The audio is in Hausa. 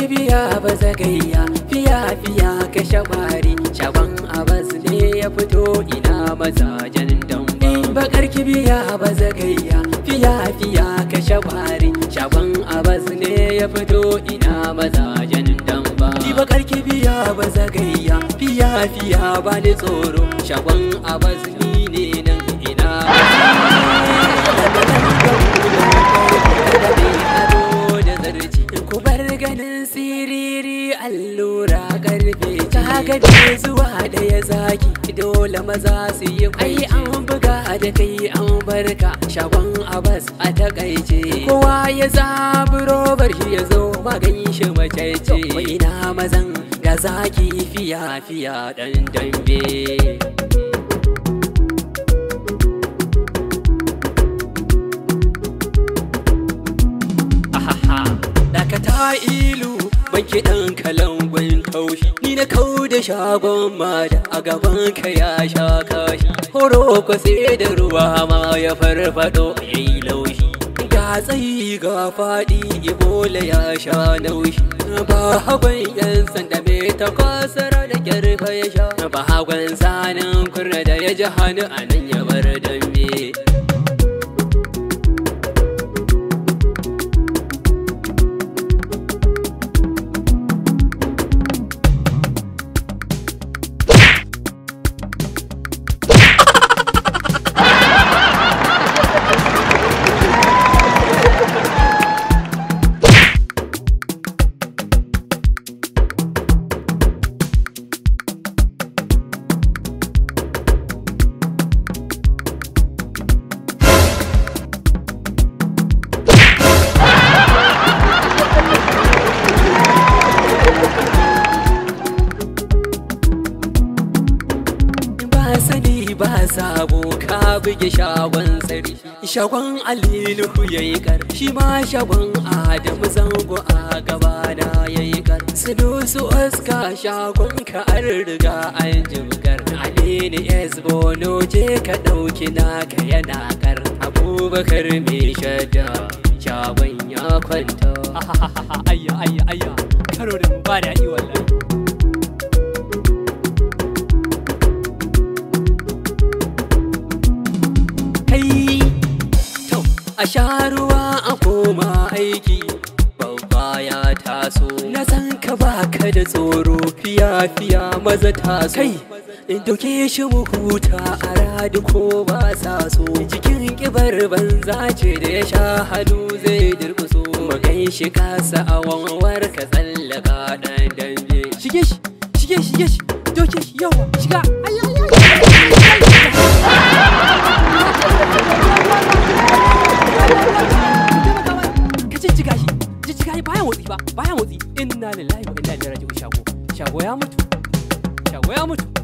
biya ba zagayya fiya fiya ka shabari shaban abas ne ya fito ina mazajen damba bakar kibiya ba zagayya fiya fiya ka shabari shaban abas ne ya fito ina mazajen damba bakar kibiya ba zagayya fiya fiya ba ni tsoro shaban abas ni ne siriri allura karfe ka gaje zuwa daya zaki dole maza su yi ai an buga da kai an barka shagon abas a takaice kowa ya zabi robar shi ya zo magan shi mace ce ina mazan ga zaki fiya fiya dan dambe ilu banki kalan gwin kaushi ni na kau da shagon mada a gaban ka ya sha kashi horo ko da ruwa ma ya farfado ya yi laushi ga tsayi ga faɗi ibola ya sha Na ba hagon yan sanda mai ta da kyarfa ya sha ba hagon sanin kurna da ya ji hannu a nan ka buge shagon tsari shagon alilu ya yi kar shi ma shagon adamu zango a gabana ya yi kar dusu oska shagon ka an riga an jimgar s esbo je ka ɗauki naka yana kar abubakar me shadda shagon ya kwanta ayya ayya ayya karo ba da a sha ruwa a koma aiki babba ya taso na san ka baka da tsoro fiya fiya maza taso kai in doke shi mu huta a radu ko ba sa so jikin kibar banza ce da ya sha hadu zai durkuso magai shi kasa a wanwar ka tsallaka dan dambe shige shi shige shi doke shi yawa shiga Allah bayan motsi ba bayan motsi inna lillahi wa inna ilaihi raji'un shago shago ya mutu shago ya mutu